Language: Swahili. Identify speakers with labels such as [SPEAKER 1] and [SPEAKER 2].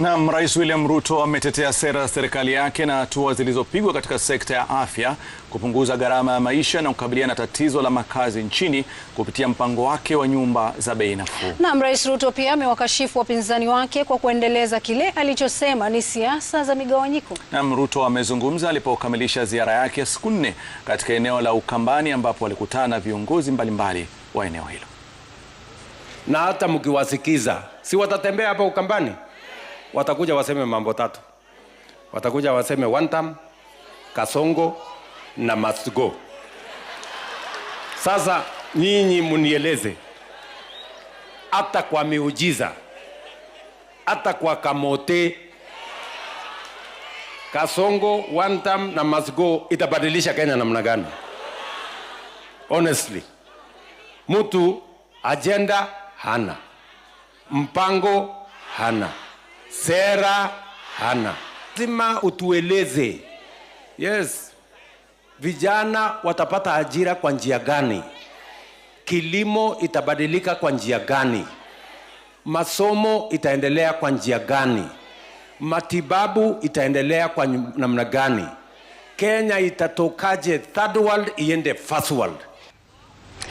[SPEAKER 1] Naam, Rais William Ruto ametetea sera za serikali yake na hatua zilizopigwa katika sekta ya afya kupunguza gharama ya maisha na kukabiliana na tatizo la makazi nchini kupitia mpango wake wa nyumba za bei nafuu.
[SPEAKER 2] Naam, Rais Ruto pia amewakashifu wapinzani wake kwa kuendeleza kile alichosema ni siasa za migawanyiko.
[SPEAKER 1] Naam, Ruto amezungumza alipokamilisha ziara yake ya siku nne katika eneo la Ukambani ambapo alikutana na viongozi mbalimbali wa eneo hilo.
[SPEAKER 3] Na hata mkiwasikiza, si watatembea hapa Ukambani? watakuja waseme mambo tatu, watakuja waseme wantam, kasongo na must go. Sasa nyinyi munieleze, hata kwa miujiza, hata kwa kamote, kasongo wantam na must go itabadilisha Kenya namna gani? Honestly, mtu ajenda hana, mpango hana sera hana. Lazima utueleze yes, vijana watapata ajira kwa njia gani? Kilimo itabadilika kwa njia gani? Masomo itaendelea kwa njia gani? Matibabu itaendelea kwa namna gani? Kenya itatokaje third world iende first world?